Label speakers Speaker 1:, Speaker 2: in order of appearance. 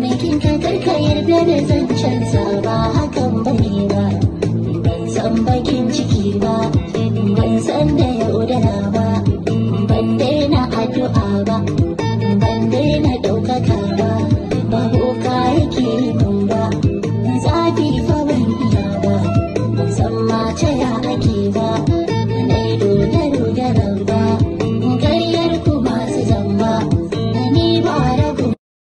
Speaker 1: Mekin kadar kayır bebezen çen sabaha san var Ben ba, kim çikir va Ben sende odana va Ben dene adu ava Ben dene ba, kava Bahu kare kilimun va Zadi ba, ya va Samma çaya ba.